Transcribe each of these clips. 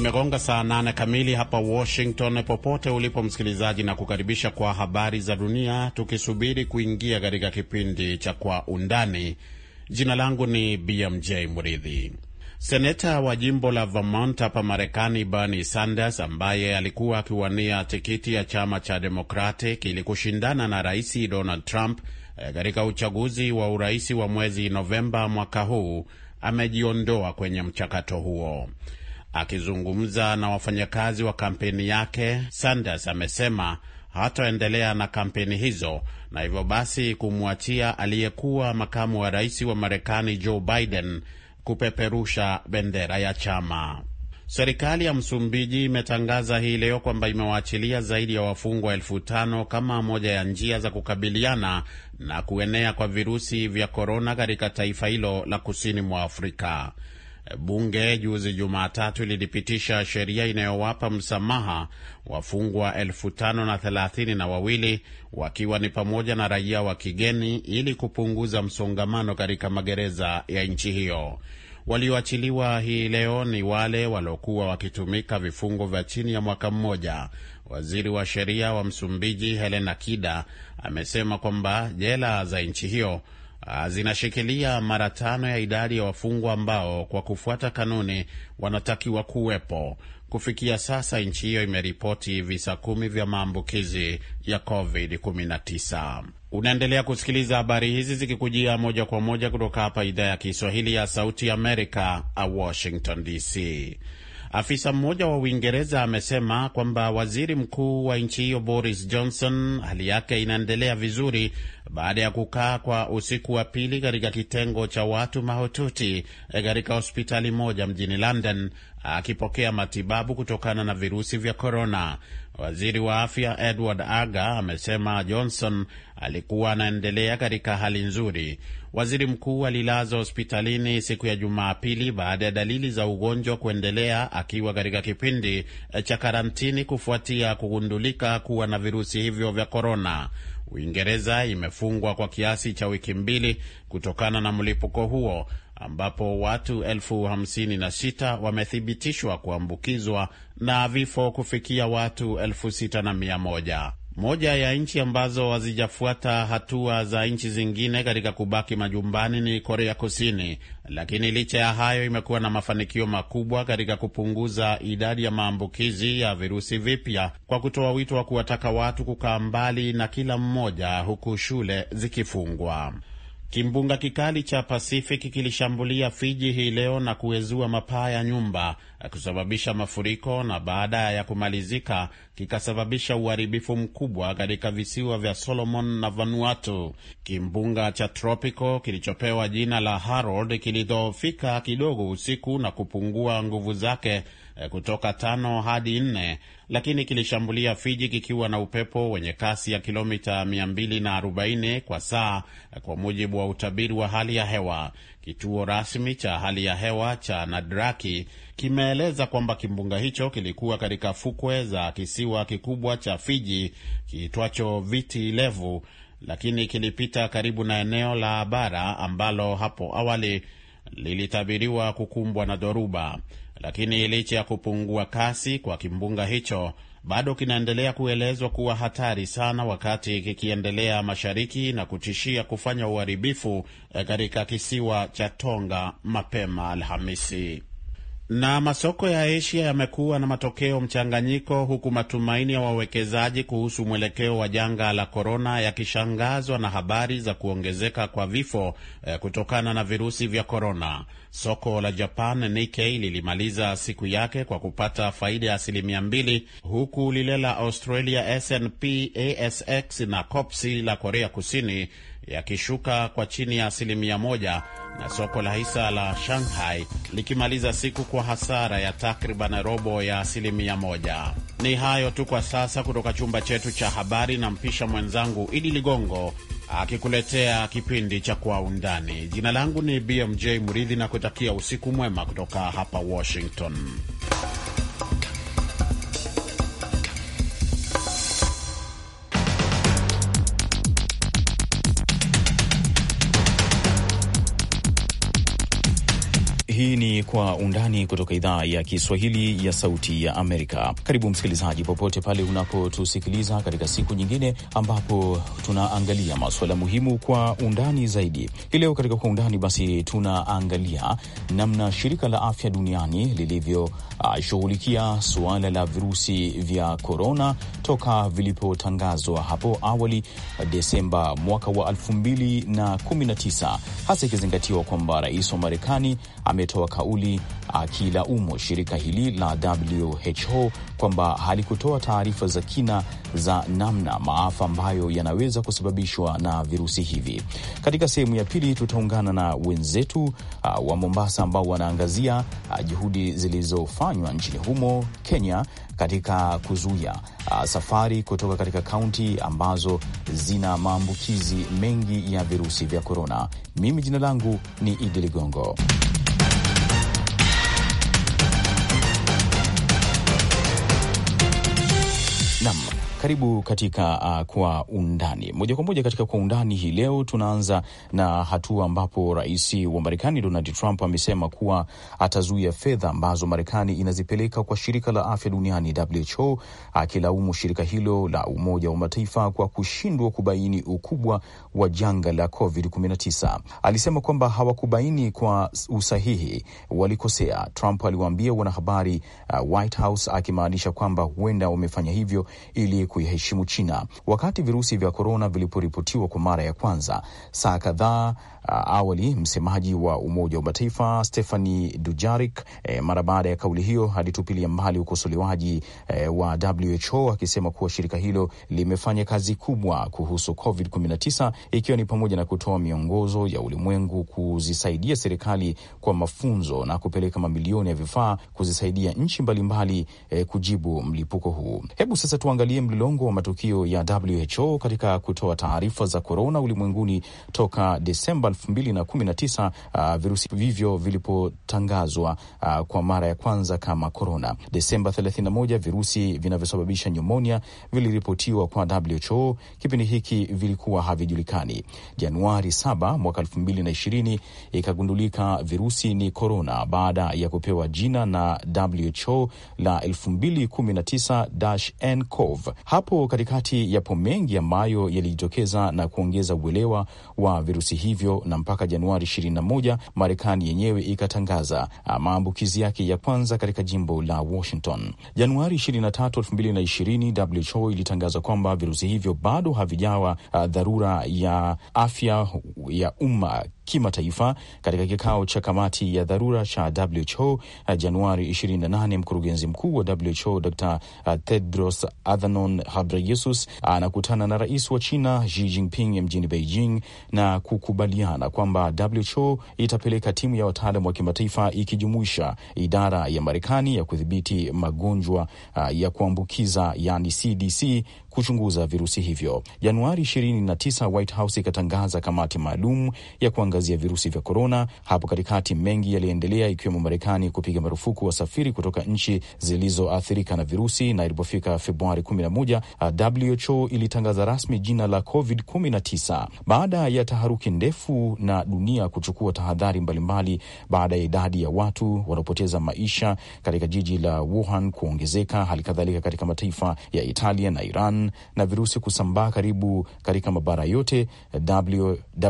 Zimegonga saa nane kamili hapa Washington. Popote ulipo msikilizaji, na kukaribisha kwa habari za dunia, tukisubiri kuingia katika kipindi cha Kwa Undani. Jina langu ni BMJ Mridhi. Seneta wa jimbo la Vermont hapa Marekani, Bernie Sanders, ambaye alikuwa akiwania tikiti ya chama cha Democratic ili kushindana na Rais Donald Trump eh, katika uchaguzi wa urais wa mwezi Novemba mwaka huu amejiondoa kwenye mchakato huo. Akizungumza na wafanyakazi wa kampeni yake, Sanders amesema hataendelea na kampeni hizo na hivyo basi kumwachia aliyekuwa makamu wa rais wa Marekani Joe Biden kupeperusha bendera ya chama. Serikali ya Msumbiji imetangaza hii leo kwamba imewaachilia zaidi ya wafungwa elfu tano kama moja ya njia za kukabiliana na kuenea kwa virusi vya korona katika taifa hilo la kusini mwa Afrika. Eh, bunge juzi Jumatatu lilipitisha sheria inayowapa msamaha wafungwa elfu tano na thelathini na wawili wakiwa ni pamoja na raia wa kigeni ili kupunguza msongamano katika magereza ya nchi hiyo. Walioachiliwa hii leo ni wale waliokuwa wakitumika vifungo vya chini ya mwaka mmoja. Waziri wa sheria wa Msumbiji Helena Kida amesema kwamba jela za nchi hiyo Ah, zinashikilia mara tano ya idadi ya wafungwa ambao kwa kufuata kanuni wanatakiwa kuwepo. Kufikia sasa nchi hiyo imeripoti visa kumi vya maambukizi ya COVID-19. Unaendelea kusikiliza habari hizi zikikujia moja kwa moja kutoka hapa idhaa ya Kiswahili ya Sauti Amerika, Washington DC. Afisa mmoja wa Uingereza amesema kwamba waziri mkuu wa nchi hiyo Boris Johnson hali yake inaendelea vizuri baada ya kukaa kwa usiku wa pili katika kitengo cha watu mahututi eh, katika hospitali moja mjini London akipokea matibabu kutokana na virusi vya korona. Waziri wa afya Edward Aga amesema Johnson alikuwa anaendelea katika hali nzuri. Waziri mkuu alilazwa hospitalini siku ya Jumapili baada ya dalili za ugonjwa kuendelea akiwa katika kipindi eh, cha karantini kufuatia kugundulika kuwa na virusi hivyo vya korona. Uingereza imefungwa kwa kiasi cha wiki mbili kutokana na mlipuko huo ambapo watu elfu hamsini na sita wamethibitishwa kuambukizwa na vifo kufikia watu elfu sita na mia moja. Moja ya nchi ambazo hazijafuata hatua za nchi zingine katika kubaki majumbani ni Korea Kusini, lakini licha ya hayo imekuwa na mafanikio makubwa katika kupunguza idadi ya maambukizi ya virusi vipya kwa kutoa wito wa kuwataka watu kukaa mbali na kila mmoja, huku shule zikifungwa. Kimbunga kikali cha Pacific kilishambulia Fiji hii leo na kuwezua mapaa ya nyumba kusababisha mafuriko na baada ya kumalizika kikasababisha uharibifu mkubwa katika visiwa vya Solomon na Vanuatu. Kimbunga cha tropico kilichopewa jina la Harold kilidhoofika kidogo usiku na kupungua nguvu zake Eh, kutoka tano hadi nne, lakini kilishambulia Fiji kikiwa na upepo wenye kasi ya kilomita 240 kwa saa, eh, kwa mujibu wa utabiri wa hali ya hewa. Kituo rasmi cha hali ya hewa cha Nadraki kimeeleza kwamba kimbunga hicho kilikuwa katika fukwe za kisiwa kikubwa cha Fiji kiitwacho Viti Levu, lakini kilipita karibu na eneo la bara ambalo hapo awali lilitabiriwa kukumbwa na dhoruba lakini licha ya kupungua kasi kwa kimbunga hicho bado kinaendelea kuelezwa kuwa hatari sana wakati kikiendelea mashariki na kutishia kufanya uharibifu eh, katika kisiwa cha Tonga mapema Alhamisi. Na masoko ya Asia yamekuwa na matokeo mchanganyiko, huku matumaini ya wawekezaji kuhusu mwelekeo wa janga la korona yakishangazwa na habari za kuongezeka kwa vifo eh, kutokana na virusi vya korona. Soko la Japan Nikkei lilimaliza siku yake kwa kupata faida ya asilimia mbili, huku lile la Australia SNP ASX na copsi la Korea Kusini yakishuka kwa chini ya asilimia moja na soko la hisa la Shanghai likimaliza siku kwa hasara ya takriban robo ya asilimia moja. Ni hayo tu kwa sasa kutoka chumba chetu cha habari, na mpisha mwenzangu Idi Ligongo akikuletea kipindi cha Kwa Undani. Jina langu ni BMJ Muridhi na kutakia usiku mwema kutoka hapa Washington. kwa undani kutoka idhaa ya Kiswahili ya Sauti ya Amerika. Karibu msikilizaji, popote pale unapotusikiliza katika siku nyingine ambapo tunaangalia masuala muhimu kwa undani zaidi. Hii leo katika kwa undani, basi tunaangalia namna shirika la afya duniani lilivyoshughulikia uh, suala la virusi vya korona toka vilipotangazwa hapo awali Desemba mwaka wa 2019 hasa ikizingatiwa kwamba rais wa Marekani ametoa kauli Magufuli akilaumu uh, shirika hili la WHO kwamba halikutoa taarifa za kina za namna maafa ambayo yanaweza kusababishwa na virusi hivi. Katika sehemu ya pili tutaungana na wenzetu uh, wa Mombasa ambao wanaangazia uh, juhudi zilizofanywa nchini humo Kenya katika kuzuia uh, safari kutoka katika kaunti ambazo zina maambukizi mengi ya virusi vya korona. Mimi jina langu ni Idi Ligongo. Karibu katika uh, kwa undani moja kwa moja. Katika kwa undani hii leo tunaanza na hatua ambapo rais wa Marekani Donald Trump amesema kuwa atazuia fedha ambazo Marekani inazipeleka kwa shirika la afya duniani WHO, akilaumu shirika hilo la Umoja wa Mataifa kwa kushindwa kubaini ukubwa wa janga la COVID-19. Alisema kwamba hawakubaini kwa usahihi, walikosea. Trump aliwaambia wanahabari uh, White House, akimaanisha kwamba huenda wamefanya hivyo ili kuiheshimu China. Wakati virusi vya korona viliporipotiwa kwa mara ya kwanza saa kadhaa awali, msemaji wa Umoja wa Mataifa Stephani Dujarik eh, mara baada ya kauli hiyo alitupilia mbali ukosolewaji eh, wa WHO akisema kuwa shirika hilo limefanya kazi kubwa kuhusu COVID-19 ikiwa ni pamoja na kutoa miongozo ya ulimwengu, kuzisaidia serikali kwa mafunzo na kupeleka mamilioni ya vifaa kuzisaidia nchi mbalimbali eh, kujibu mlipuko huu. Hebu sasa tuangalie mlilo mlolongo wa matukio ya WHO katika kutoa taarifa za korona ulimwenguni toka Desemba 2019 uh, virusi vivyo vilipotangazwa uh, kwa mara ya kwanza kama korona. Desemba 31 virusi vinavyosababisha nyumonia viliripotiwa kwa WHO, kipindi hiki vilikuwa havijulikani. Januari 7 mwaka 2020 ikagundulika virusi ni korona baada ya kupewa jina na WHO la 2019-nCoV hapo katikati yapo mengi ambayo yalijitokeza na kuongeza uelewa wa virusi hivyo, na mpaka Januari 21 Marekani yenyewe ikatangaza ah, maambukizi yake ya kwanza katika jimbo la Washington. Januari 23, 2020 WHO ilitangaza kwamba virusi hivyo bado havijawa ah, dharura ya afya ya umma kimataifa katika kikao cha kamati ya dharura cha WHO eh, Januari 28, mkurugenzi mkuu wa WHO Dr eh, Tedros Adhanom Ghebreyesus anakutana na rais wa China Xi Jinping mjini Beijing na kukubaliana kwamba WHO itapeleka timu ya wataalam wa kimataifa ikijumuisha idara ya Marekani ya kudhibiti magonjwa eh, ya kuambukiza yani CDC kuchunguza virusi hivyo. Januari 29 White House ikatangaza kamati maalum ya kuangazia virusi vya korona. Hapo katikati mengi yaliendelea, ikiwemo Marekani kupiga marufuku wasafiri kutoka nchi zilizoathirika na virusi, na ilipofika Februari 11 WHO ilitangaza rasmi jina la COVID-19 baada ya taharuki ndefu na dunia kuchukua tahadhari mbalimbali baada ya idadi ya watu wanaopoteza maisha katika jiji la Wuhan kuongezeka, hali kadhalika katika mataifa ya Italia na Iran na virusi kusambaa karibu katika mabara yote,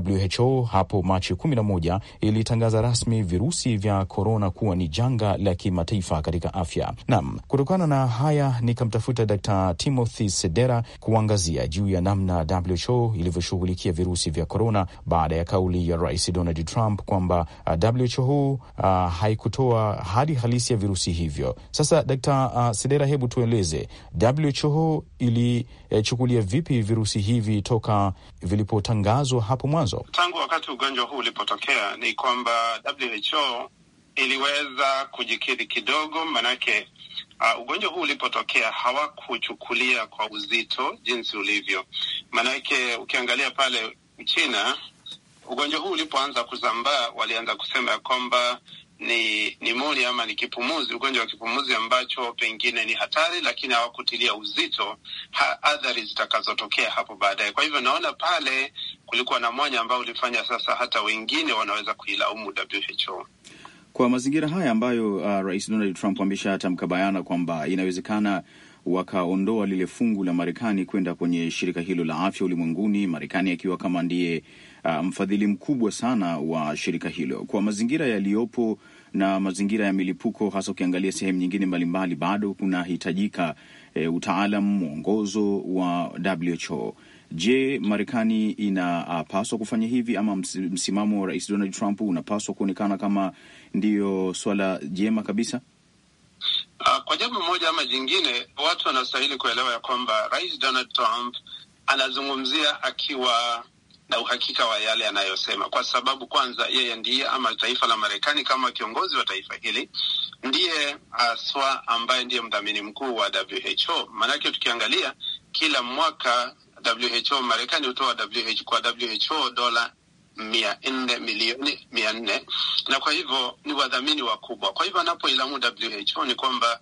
WHO hapo Machi 11 ilitangaza rasmi virusi vya korona kuwa ni janga la kimataifa katika afya. Naam, kutokana na haya nikamtafuta Dr. Timothy Sedera kuangazia juu ya namna WHO ilivyoshughulikia virusi vya korona baada ya kauli ya Rais Donald Trump kwamba uh, WHO uh, haikutoa hadi halisi ya virusi hivyo. Sasa Dr. Uh, Sedera, hebu tueleze WHO ili mlichukulia vipi virusi hivi toka vilipotangazwa hapo mwanzo? Tangu wakati ugonjwa huu ulipotokea, ni kwamba WHO iliweza kujikiri kidogo, maanake uh, ugonjwa huu ulipotokea hawakuchukulia kwa uzito jinsi ulivyo, maanake ukiangalia pale China ugonjwa huu ulipoanza kusambaa, walianza kusema ya kwamba ni nimonia ama ni kipumuzi, ugonjwa wa kipumuzi ambacho pengine ni hatari, lakini hawakutilia uzito ha, athari zitakazotokea hapo baadaye. Kwa hivyo naona pale kulikuwa na mwanya ambao ulifanya sasa hata wengine wanaweza kuilaumu WHO kwa mazingira haya ambayo uh, Rais Donald Trump ameshatamka bayana kwamba inawezekana wakaondoa lile fungu la Marekani kwenda kwenye shirika hilo la afya ulimwenguni, Marekani akiwa kama ndiye Ah, mfadhili um, mkubwa sana wa shirika hilo kwa mazingira yaliyopo na mazingira ya milipuko, hasa ukiangalia sehemu nyingine mbalimbali, bado kunahitajika e, utaalam, mwongozo wa WHO. Je, Marekani inapaswa kufanya hivi ama msimamo wa Rais Donald Trump unapaswa kuonekana kama ndiyo swala jema kabisa? Uh, kwa jambo moja ama jingine, watu wanastahili kuelewa ya kwamba Rais Donald Trump anazungumzia akiwa na uhakika wa yale anayosema, kwa sababu kwanza yeye ndiye ama taifa la Marekani kama kiongozi wa taifa hili ndiye aswa ambaye ndiye mdhamini mkuu wa WHO. Maanake tukiangalia kila mwaka WHO Marekani hutoa WHO, kwa WHO dola mia nne milioni mia nne na kwa hivyo ni wadhamini wakubwa. Kwa hivyo anapoilamu WHO ni kwamba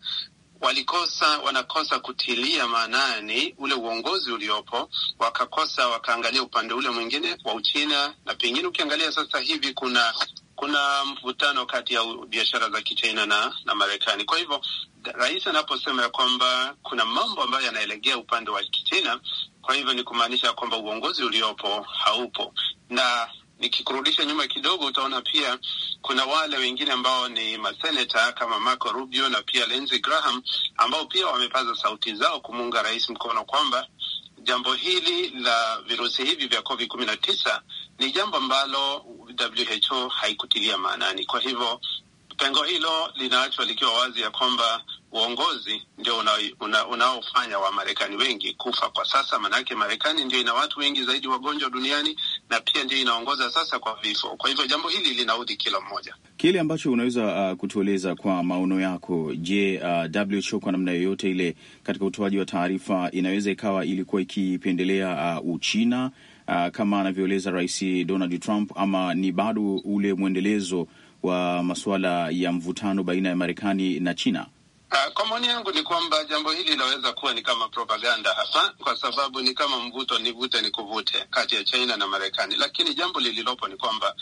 walikosa wanakosa kutilia maanani ule uongozi uliopo, wakakosa wakaangalia upande ule mwingine wa Uchina, na pengine ukiangalia sasa hivi kuna kuna mvutano kati ya biashara za kichina na na Marekani. Kwa hivyo rais anaposema ya kwamba kuna mambo ambayo yanaelegea upande wa kichina, kwa hivyo ni kumaanisha kwamba uongozi uliopo haupo na Nikikurudisha nyuma kidogo, utaona pia kuna wale wengine ambao ni maseneta kama Marco Rubio na pia Lindsey Graham ambao pia wamepaza sauti zao kumuunga rais mkono kwamba jambo hili la virusi hivi vya Covid kumi na tisa ni jambo ambalo WHO haikutilia maanani. Kwa hivyo pengo hilo linaachwa likiwa wazi ya kwamba uongozi ndio unaofanya una, una Wamarekani wengi kufa kwa sasa, maanake Marekani ndio ina watu wengi zaidi wagonjwa duniani na pia ndio inaongoza sasa kwa vifo. Kwa hivyo jambo hili linaudhi kila mmoja. Kile ambacho unaweza uh, kutueleza kwa maono yako, je, uh, WHO kwa namna yoyote ile katika utoaji wa taarifa inaweza ikawa ilikuwa ikipendelea uh, Uchina uh, kama anavyoeleza Rais Donald Trump, ama ni bado ule mwendelezo wa masuala ya mvutano baina ya Marekani na China? Uh, kwa maoni yangu ni kwamba jambo hili linaweza kuwa ni kama propaganda hasa, kwa sababu ni kama mvuto nivute ni kuvute kati ya China na Marekani, lakini jambo lililopo ni kwamba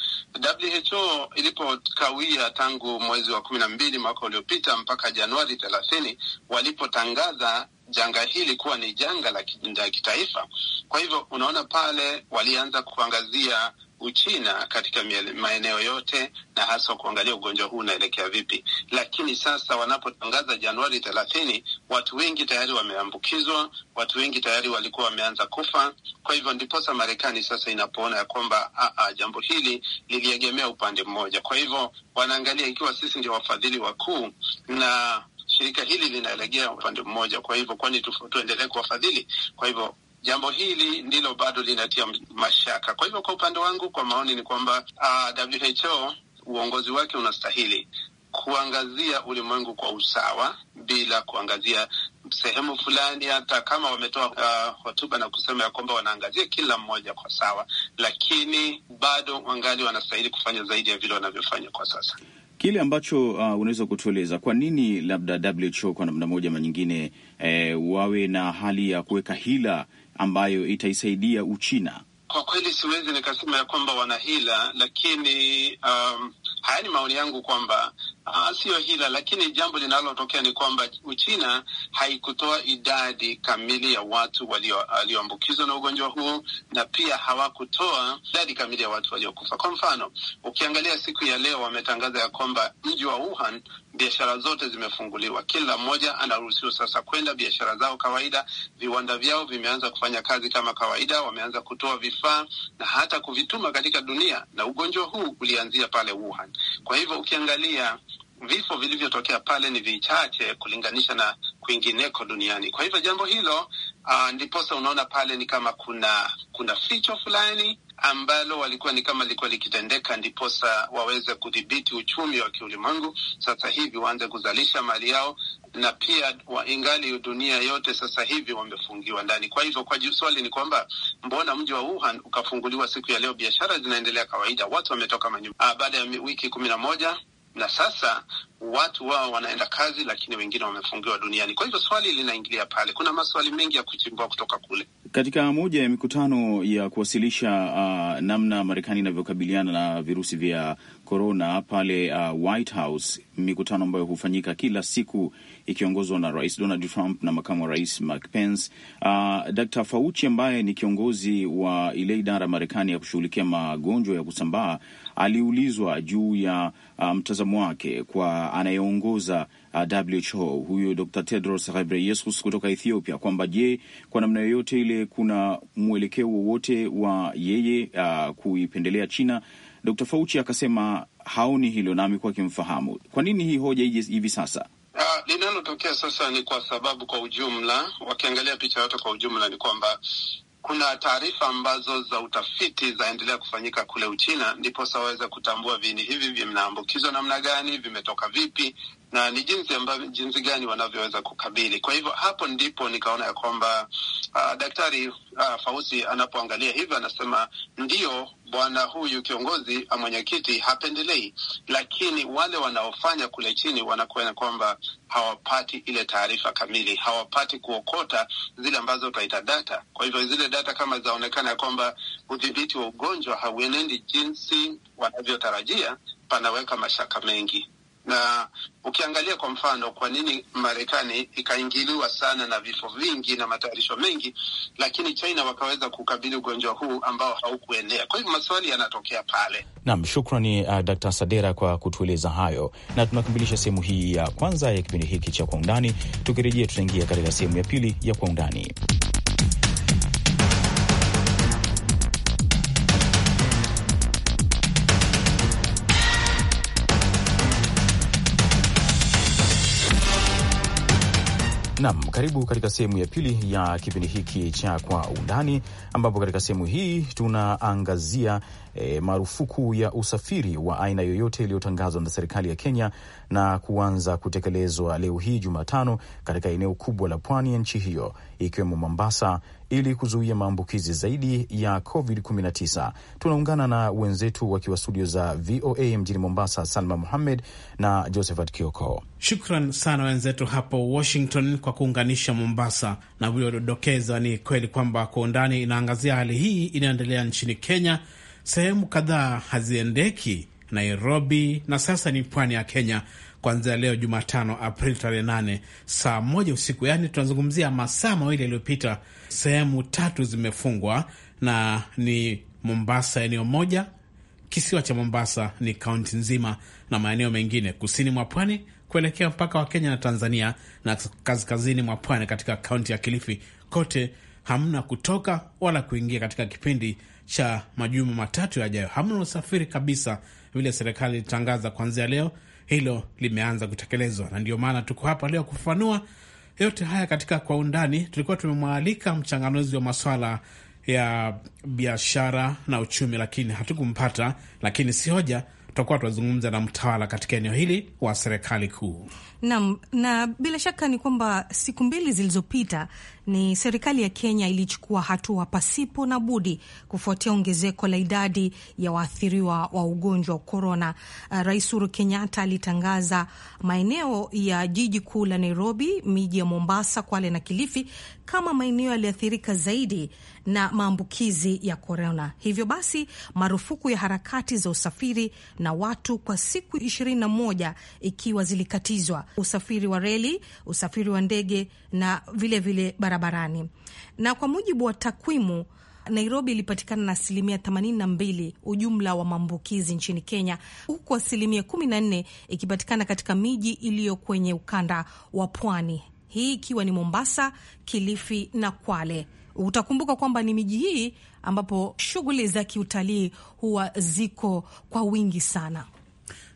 WHO ilipokawia tangu mwezi wa kumi na mbili mwaka uliopita mpaka Januari thelathini walipotangaza janga hili kuwa ni janga la kitaifa. Kwa hivyo unaona pale walianza kuangazia Uchina katika maeneo yote na hasa kuangalia ugonjwa huu unaelekea vipi. Lakini sasa wanapotangaza Januari thelathini, watu wengi tayari wameambukizwa, watu wengi tayari walikuwa wameanza kufa. Kwa hivyo ndiposa Marekani sasa inapoona ya kwamba jambo hili liliegemea upande mmoja, kwa hivyo wanaangalia ikiwa sisi ndio wafadhili wakuu na shirika hili linaelegea upande mmoja, kwa hivyo kwani tuendelee kuwafadhili? Kwa hivyo Jambo hili ndilo bado linatia mashaka. Kwa hivyo, kwa upande wangu, kwa maoni ni kwamba uh, ah, WHO uongozi wake unastahili kuangazia ulimwengu kwa usawa bila kuangazia sehemu fulani, hata kama wametoa uh, hotuba na kusema ya kwamba wanaangazia kila mmoja kwa sawa, lakini bado wangali wanastahili kufanya zaidi ya vile wanavyofanya kwa sasa. Kile ambacho uh, unaweza kutueleza kwa nini labda WHO kwa namna moja ama nyingine, eh, wawe na hali ya kuweka hila ambayo itaisaidia Uchina? Kwa kweli siwezi nikasema ya kwamba wana hila, lakini um, haya ni maoni yangu kwamba uh, siyo hila, lakini jambo linalotokea ni kwamba Uchina haikutoa idadi kamili ya watu walioambukizwa na ugonjwa huo, na pia hawakutoa idadi kamili ya watu waliokufa. Kwa mfano, ukiangalia siku ya leo wametangaza ya kwamba mji wa Wuhan biashara zote zimefunguliwa, kila mmoja anaruhusiwa sasa kwenda biashara zao kawaida. Viwanda vyao vimeanza kufanya kazi kama kawaida, wameanza kutoa vifaa na hata kuvituma katika dunia, na ugonjwa huu ulianzia pale Wuhan. Kwa hivyo ukiangalia vifo vilivyotokea pale ni vichache kulinganisha na kwingineko duniani. Kwa hivyo jambo hilo uh, ndiposa unaona pale ni kama kuna kuna ficho fulani ambalo walikuwa ni kama likuwa likitendeka, ndiposa waweze kudhibiti uchumi wa kiulimwengu. Sasa hivi waanze kuzalisha mali yao, na pia ingali dunia yote sasa hivi wamefungiwa ndani. Kwa hivyo, kwa swali ni kwamba mbona mji wa Wuhan ukafunguliwa siku ya leo, biashara zinaendelea kawaida, watu wametoka manyumbani ah, baada ya wiki kumi na moja na sasa watu wao wanaenda kazi, lakini wengine wamefungiwa duniani. Kwa hivyo swali linaingilia pale, kuna maswali mengi ya kuchimbua kutoka kule. Katika moja ya mikutano ya kuwasilisha uh, namna Marekani inavyokabiliana na virusi vya korona pale uh, White House, mikutano ambayo hufanyika kila siku ikiongozwa na Rais Donald Trump na makamu wa rais Mike Pence. Uh, Dr. Fauci ambaye ni kiongozi wa ile idara Marekani ya kushughulikia magonjwa ya kusambaa aliulizwa juu ya uh, mtazamo wake kwa Uh, anayeongoza uh, WHO huyo Dr. Tedros Ghebreyesus kutoka Ethiopia kwamba je, kwa namna yoyote ile kuna mwelekeo wowote wa yeye uh, kuipendelea China. Dr. Fauci akasema haoni hilo na amekuwa akimfahamu. Kwa nini hii hoja ije hivi sasa? Uh, linalotokea sasa ni kwa sababu kwa ujumla, wakiangalia picha yote kwa ujumla ni kwamba kuna taarifa ambazo za utafiti zaendelea kufanyika kule Uchina, ndipo saweze kutambua viini hivi vinaambukizwa namna gani, vimetoka vipi na ni jinsi ambavyo, jinsi gani wanavyoweza kukabili. Kwa hivyo hapo ndipo nikaona ya kwamba uh, daktari uh, ah, Fausi anapoangalia hivyo anasema ndio bwana huyu kiongozi mwenyekiti hapendelei, lakini wale wanaofanya kule chini wanakuona kwamba hawapati ile taarifa kamili, hawapati kuokota zile ambazo utaita data. Kwa hivyo zile data kama zaonekana ya kwamba udhibiti wa ugonjwa hauenendi jinsi wanavyotarajia, panaweka mashaka mengi na ukiangalia kwa mfano, kwa nini Marekani ikaingiliwa sana na vifo vingi na matayarisho mengi, lakini China wakaweza kukabili ugonjwa huu ambao haukuenea. Kwa hivyo maswali yanatokea pale. Naam, shukrani uh, Dkt. Sadera kwa kutueleza hayo, na tunakamilisha sehemu hii ya kwanza ya kipindi hiki cha Kwa Undani. Tukirejea tutaingia katika sehemu ya pili ya Kwa Undani. Nam, karibu katika sehemu ya pili ya kipindi hiki cha Kwa Undani, ambapo katika sehemu hii tunaangazia e, marufuku ya usafiri wa aina yoyote iliyotangazwa na serikali ya Kenya na kuanza kutekelezwa leo hii Jumatano katika eneo kubwa la pwani ya nchi hiyo ikiwemo Mombasa, ili kuzuia maambukizi zaidi ya COVID-19. Tunaungana na wenzetu wakiwa studio za VOA mjini Mombasa, Salma Muhammed na Josephat Kioko. Shukran sana wenzetu hapo Washington kwa kuunganisha Mombasa, na uliodokeza ni kweli kwamba kwa undani inaangazia hali hii inayoendelea nchini Kenya. Sehemu kadhaa haziendeki Nairobi na sasa ni pwani ya Kenya kuanzia leo Jumatano Aprili tarehe 8 saa moja usiku, yaani tunazungumzia masaa mawili yaliyopita Sehemu tatu zimefungwa na ni Mombasa eneo moja, kisiwa cha Mombasa ni kaunti nzima, na maeneo mengine kusini mwa pwani kuelekea mpaka wa Kenya na Tanzania, na kaskazini mwa pwani katika kaunti ya Kilifi. Kote hamna kutoka wala kuingia katika kipindi cha majuma matatu yajayo, hamna usafiri kabisa. Vile serikali ilitangaza kuanzia leo, hilo limeanza kutekelezwa, na ndio maana tuko hapa leo kufafanua yote haya katika kwa undani, tulikuwa tumemwalika mchanganuzi wa maswala ya biashara na uchumi, lakini hatukumpata. Lakini si hoja, tutakuwa tunazungumza na mtawala katika eneo hili wa serikali kuu. Naam, na bila shaka ni kwamba siku mbili zilizopita ni serikali ya Kenya ilichukua hatua pasipo na budi kufuatia ongezeko la idadi ya waathiriwa wa ugonjwa wa korona. Uh, Rais Uhuru Kenyatta alitangaza maeneo ya jiji kuu la Nairobi, miji ya Mombasa, Kwale na Kilifi kama maeneo yaliathirika zaidi na maambukizi ya korona. Hivyo basi marufuku ya harakati za usafiri na watu kwa siku 21 ikiwa zilikatizwa, usafiri wa reli, usafiri wa ndege na vilevile vile barabarani, na kwa mujibu wa takwimu Nairobi ilipatikana na asilimia 82 ujumla wa maambukizi nchini Kenya, huku asilimia 14 ikipatikana katika miji iliyo kwenye ukanda wa pwani, hii ikiwa ni Mombasa, Kilifi na Kwale. Utakumbuka kwamba ni miji hii ambapo shughuli za kiutalii huwa ziko kwa wingi sana,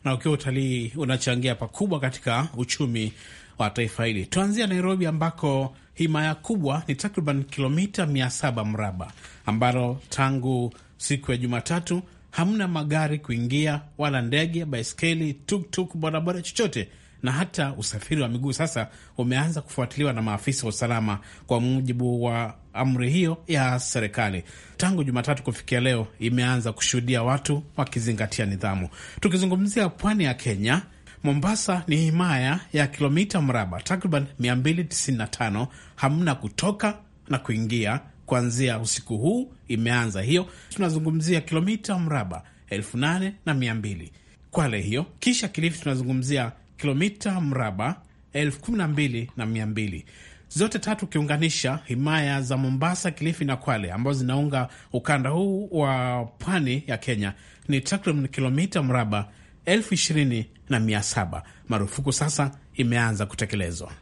na ukiwa utalii unachangia pakubwa katika uchumi wa taifa hili. Tuanzia Nairobi ambako himaya kubwa ni takriban kilomita 700 mraba, ambalo tangu siku ya Jumatatu hamna magari kuingia wala ndege, baiskeli, tuktuk, bodaboda, chochote na hata usafiri wa miguu sasa umeanza kufuatiliwa na maafisa wa usalama, kwa mujibu wa amri hiyo ya serikali. Tangu Jumatatu kufikia leo, imeanza kushuhudia watu wakizingatia nidhamu. Tukizungumzia pwani ya Kenya, Mombasa ni himaya ya kilomita mraba takriban 295, hamna kutoka na kuingia kuanzia usiku huu imeanza hiyo. Tunazungumzia kilomita mraba elfu nane na mia mbili Kwale hiyo. Kisha Kilifi tunazungumzia kilomita mraba elfu kumi na mbili na mia mbili zote tatu ukiunganisha himaya za Mombasa, Kilifi na Kwale ambazo zinaunga ukanda huu wa pwani ya Kenya ni takriban kilomita mraba elfu ishirini na mia saba. Marufuku sasa imeanza kutekelezwa.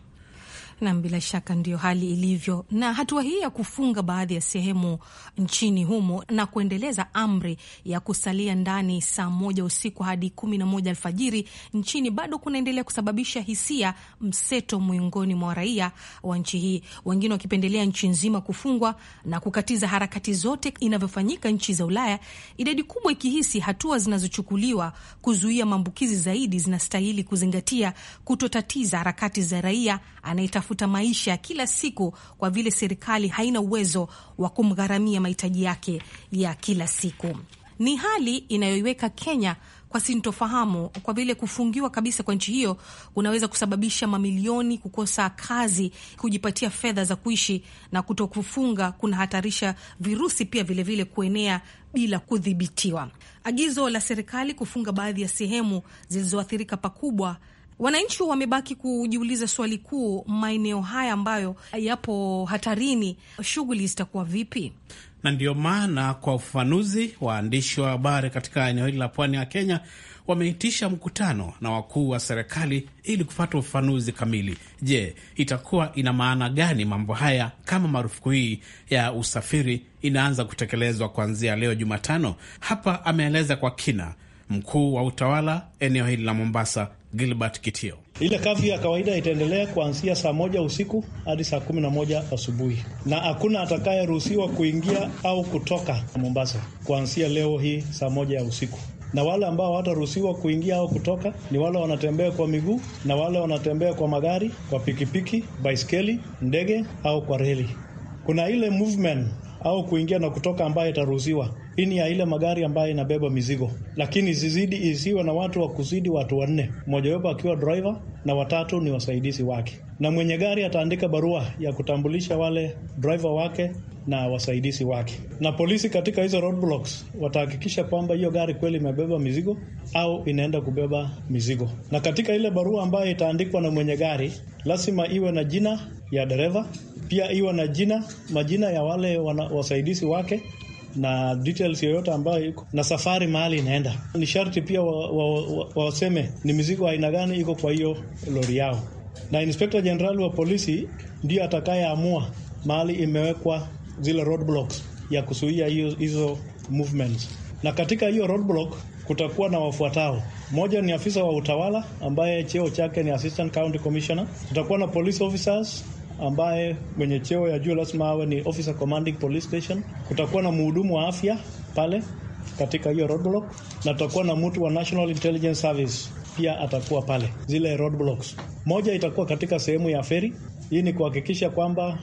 Nam, bila shaka ndio hali ilivyo. Na hatua hii ya kufunga baadhi ya sehemu nchini humo na kuendeleza amri ya kusalia ndani saa moja usiku hadi kumi na moja alfajiri nchini bado kunaendelea kusababisha hisia mseto miongoni mwa raia wa nchi hii, wengine wakipendelea nchi nzima kufungwa na kukatiza harakati zote inavyofanyika nchi za Ulaya, idadi kubwa ikihisi hatua zinazochukuliwa kuzuia maambukizi zaidi zinastahili kuzingatia kutotatiza harakati za raia anayeta kutafuta maisha kila siku kwa vile serikali haina uwezo wa kumgharamia mahitaji yake ya kila siku. Ni hali inayoiweka Kenya kwa sintofahamu kwa vile kufungiwa kabisa kwa nchi hiyo kunaweza kusababisha mamilioni kukosa kazi, kujipatia fedha za kuishi, na kutokufunga kunahatarisha virusi pia vilevile vile kuenea bila kudhibitiwa. Agizo la serikali kufunga baadhi ya sehemu zilizoathirika pakubwa Wananchi wamebaki kujiuliza swali kuu, maeneo haya ambayo yapo hatarini, shughuli zitakuwa vipi? Na ndiyo maana kwa ufafanuzi, waandishi wa habari katika eneo hili la pwani ya Kenya wameitisha mkutano na wakuu wa serikali ili kupata ufafanuzi kamili. Je, itakuwa ina maana gani mambo haya kama marufuku hii ya usafiri inaanza kutekelezwa kuanzia leo Jumatano? Hapa ameeleza kwa kina mkuu wa utawala eneo hili la Mombasa Gilbert Kitio. Ile kafu ya kawaida itaendelea kuanzia saa moja usiku hadi saa kumi na moja asubuhi, na hakuna atakayeruhusiwa kuingia au kutoka Mombasa kuanzia leo hii saa moja ya usiku na wale ambao hawataruhusiwa kuingia au kutoka ni wale wanatembea kwa miguu na wale wanatembea kwa magari, kwa pikipiki, baiskeli, ndege au kwa reli. Kuna ile movement au kuingia na kutoka ambayo itaruhusiwa hii ni ya ile magari ambayo inabeba mizigo, lakini zizidi isiwe na watu wa kuzidi watu wanne, mmojawapo akiwa driver na watatu ni wasaidizi wake, na mwenye gari ataandika barua ya kutambulisha wale driver wake na wasaidizi wake, na polisi katika hizo roadblocks watahakikisha kwamba hiyo gari kweli imebeba mizigo au inaenda kubeba mizigo. Na katika ile barua ambayo itaandikwa na mwenye gari, lazima iwe na jina ya dereva, pia iwe na jina majina ya wale wana, wasaidizi wake na details yoyote ambayo iko na safari mahali inaenda. Ni sharti pia waseme wa, wa, wa ni mizigo aina gani iko kwa hiyo lori yao, na Inspector jenerali wa polisi ndiyo atakayeamua mahali imewekwa zile roadblocks ya kuzuia hizo movements, na katika hiyo roadblock kutakuwa na wafuatao. Mmoja ni afisa wa utawala ambaye cheo chake ni assistant county commissioner. Tutakuwa na police officers ambaye mwenye cheo ya juu lazima awe ni officer commanding police station. Kutakuwa na mhudumu wa afya pale katika hiyo roadblock, na tutakuwa na mtu wa National Intelligence Service pia atakuwa pale. Zile roadblocks moja itakuwa katika sehemu ya feri. Hii ni kuhakikisha kwamba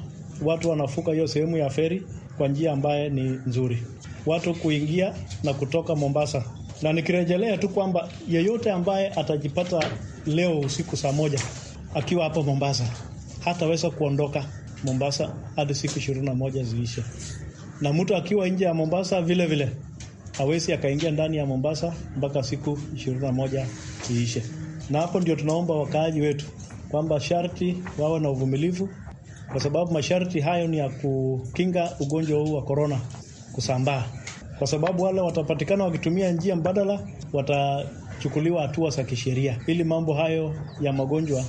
watu wanafuka hiyo sehemu ya feri kwa njia ambaye ni nzuri, watu kuingia na kutoka Mombasa. Na nikirejelea tu kwamba yeyote ambaye atajipata leo usiku saa moja akiwa hapo Mombasa hataweza kuondoka Mombasa hadi siku ishirini na moja ziishe, na mtu akiwa nje ya Mombasa vile vile hawezi akaingia ndani ya Mombasa mpaka siku ishirini na moja ziishe. Na hapo ndio tunaomba wakaaji wetu kwamba sharti wawe na uvumilivu, kwa sababu masharti hayo ni ya kukinga ugonjwa huu wa korona kusambaa, kwa sababu wale watapatikana wakitumia njia mbadala watachukuliwa hatua za kisheria, ili mambo hayo ya magonjwa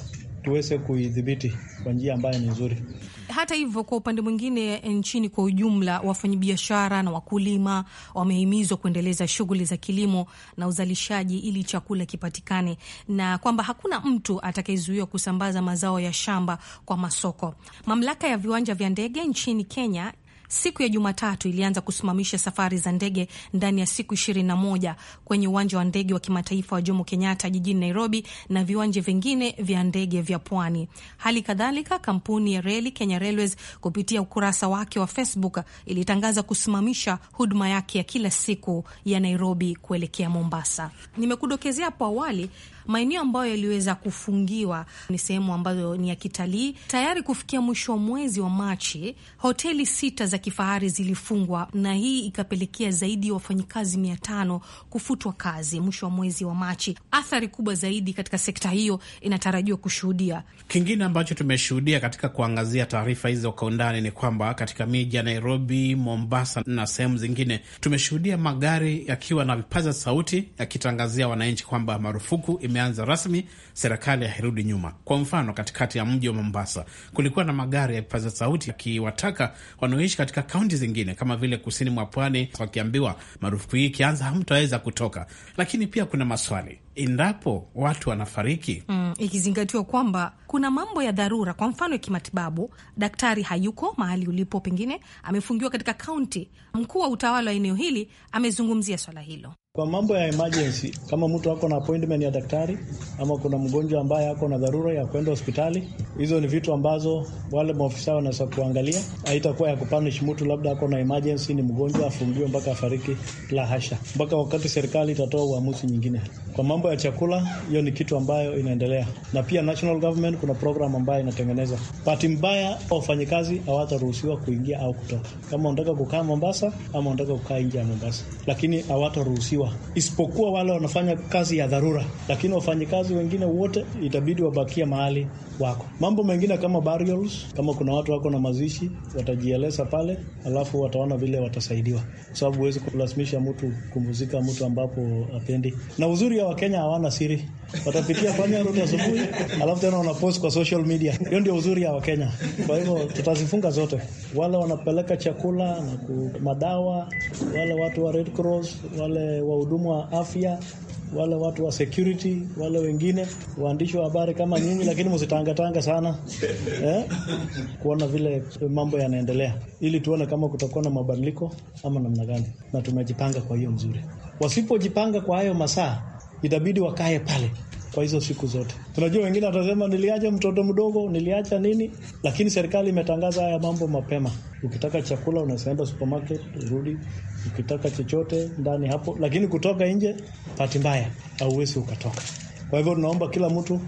tuweze kuidhibiti kwa njia ambayo ni nzuri. Hata hivyo, kwa upande mwingine, eh, nchini kwa ujumla, wafanyabiashara na wakulima wamehimizwa kuendeleza shughuli za kilimo na uzalishaji ili chakula kipatikane, na kwamba hakuna mtu atakayezuiwa kusambaza mazao ya shamba kwa masoko. Mamlaka ya viwanja vya ndege nchini Kenya siku ya Jumatatu ilianza kusimamisha safari za ndege ndani ya siku 21 kwenye uwanja wa ndege wa kimataifa wa Jomo Kenyatta jijini Nairobi na viwanja vingine vya ndege vya pwani. Hali kadhalika, kampuni ya reli Kenya Railways kupitia ukurasa wake wa Facebook ilitangaza kusimamisha huduma yake ya kila siku ya Nairobi kuelekea Mombasa. Nimekudokezea hapo awali Maeneo ambayo yaliweza kufungiwa ni sehemu ambazo ni ya kitalii. Tayari kufikia mwisho wa mwezi wa Machi, hoteli sita za kifahari zilifungwa, na hii ikapelekea zaidi ya wafanyikazi mia tano kufutwa kazi mwisho wa mwezi wa Machi. Athari kubwa zaidi katika sekta hiyo inatarajiwa kushuhudia. Kingine ambacho tumeshuhudia katika kuangazia taarifa hizo kwa undani ni kwamba katika miji ya Nairobi, Mombasa na sehemu zingine tumeshuhudia magari yakiwa na vipaza sauti yakitangazia wananchi kwamba marufuku ime imeanza rasmi, serikali hairudi nyuma. Kwa mfano, katikati ya mji wa Mombasa kulikuwa na magari ya vipaza sauti yakiwataka wanaoishi katika kaunti zingine kama vile kusini mwa pwani, wakiambiwa marufuku hii ikianza hamtaweza kutoka. Lakini pia kuna maswali endapo watu wanafariki, mm, ikizingatiwa kwamba kuna mambo ya dharura, kwa mfano ya kimatibabu, daktari hayuko mahali ulipo, pengine amefungiwa katika kaunti. Mkuu wa utawala wa eneo hili amezungumzia swala hilo. Kwa mambo ya emergency, kama mtu ako na appointment ya daktari ama kuna mgonjwa ambaye ako na dharura ya kwenda hospitali, hizo ni vitu ambazo wale maofisa wanaweza kuangalia. Haitakuwa ya kupanish mtu labda ako na emergency, ni mgonjwa afungiwe mpaka afariki, la hasha, mpaka wakati serikali itatoa uamuzi nyingine. Kwa mambo ya chakula, hiyo ni kitu ambayo inaendelea, na pia national government kuna program ambayo inatengeneza. Bahati mbaya, wafanyikazi hawataruhusiwa kuingia au kutoka, kama unataka kukaa Mombasa ama unataka kukaa nje ya Mombasa, lakini hawataruhusiwa kubwa, isipokuwa wale wanafanya kazi ya dharura, lakini wafanyikazi wengine wote itabidi wabakia mahali wako. Mambo mengine kama burials, kama kuna watu wako na mazishi watajieleza pale, alafu wataona vile watasaidiwa, kwa sababu huwezi kulazimisha mtu kumuzika mtu ambapo apendi. Na uzuri wa Wakenya hawana siri, watapitia fanya road asubuhi, alafu tena wanapost kwa social media. Hiyo ndio uzuri ya Wakenya. Kwa hivyo tutazifunga zote, wale wanapeleka chakula na madawa, wale watu wa Red Cross, wale wahudumu wa afya wale watu wa security, wale wengine waandishi wa habari kama nyinyi, lakini msitangatanga sana eh, kuona vile mambo yanaendelea, ili tuone kama kutakuwa na mabadiliko ama namna gani, na tumejipanga kwa hiyo mzuri. Wasipojipanga kwa hayo masaa, itabidi wakae pale kwa hizo siku zote. Tunajua wengine watasema niliacha mtoto mdogo, niliacha nini, lakini serikali imetangaza haya mambo mapema. Ukitaka chakula unaenda supermarket, urudi ukitaka chochote ndani hapo, lakini kutoka nje, bahati mbaya hauwezi ukatoka. Kwa hivyo tunaomba kila mtu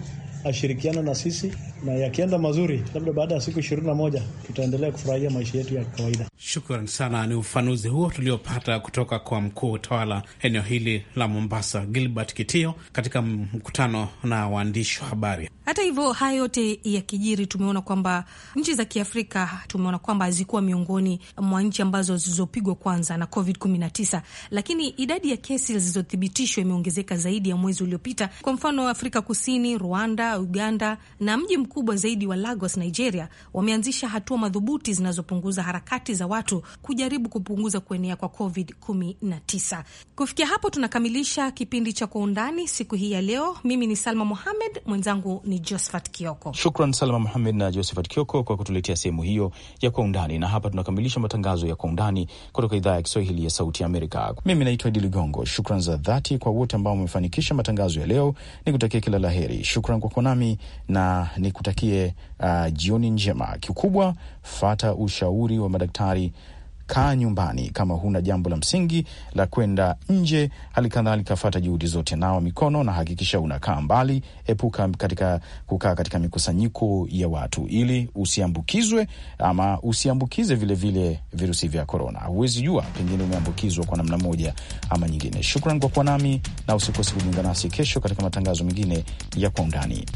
ashirikiana na sisi, na yakienda mazuri, labda baada ya siku ishirini na moja tutaendelea kufurahia maisha yetu ya kawaida. Shukran sana. Ni ufanuzi huo tuliopata kutoka kwa mkuu wa utawala eneo hili la Mombasa, Gilbert Kitio, katika mkutano na waandishi wa habari. Hata hivyo, haya yote ya kijiri tumeona kwamba nchi za Kiafrika tumeona kwamba hazikuwa miongoni mwa nchi ambazo zilizopigwa kwanza na COVID 19, lakini idadi ya kesi zilizothibitishwa imeongezeka zaidi ya mwezi uliopita. Kwa mfano, Afrika Kusini, Rwanda, Uganda na mji mkubwa zaidi wa Lagos, Nigeria, wameanzisha hatua madhubuti zinazopunguza harakati za watu kujaribu kupunguza kuenea kwa COVID-19. Kufikia hapo, tunakamilisha kipindi cha Kwa Undani siku hii ya leo. Mimi ni Salma muhamed mwenzangu ni Josephat Kioko. Shukran Salma Muhamed na Josephat Kioko kwa kutuletea sehemu hiyo ya Kwa Undani, na hapa tunakamilisha matangazo ya Kwa Undani kutoka idhaa ya Kiswahili ya Sauti ya Amerika. Mimi naitwa Idi Ligongo. Shukran za dhati kwa wote ambao wamefanikisha matangazo ya leo, ni kutakia kila la heri. Shukran kwa yako nami na nikutakie uh, jioni njema. Kikubwa fata ushauri wa madaktari kaa nyumbani kama huna jambo la msingi la kwenda nje. Hali kadhalika fata juhudi zote, nawa mikono na hakikisha unakaa mbali, epuka katika kukaa katika mikusanyiko ya watu ili usiambukizwe ama usiambukize vilevile virusi vya korona. Huwezi jua, pengine umeambukizwa kwa namna moja ama nyingine. Shukran kwa kuwa nami na usikose kujiunga nasi kesho katika matangazo mengine ya Kwa Undani.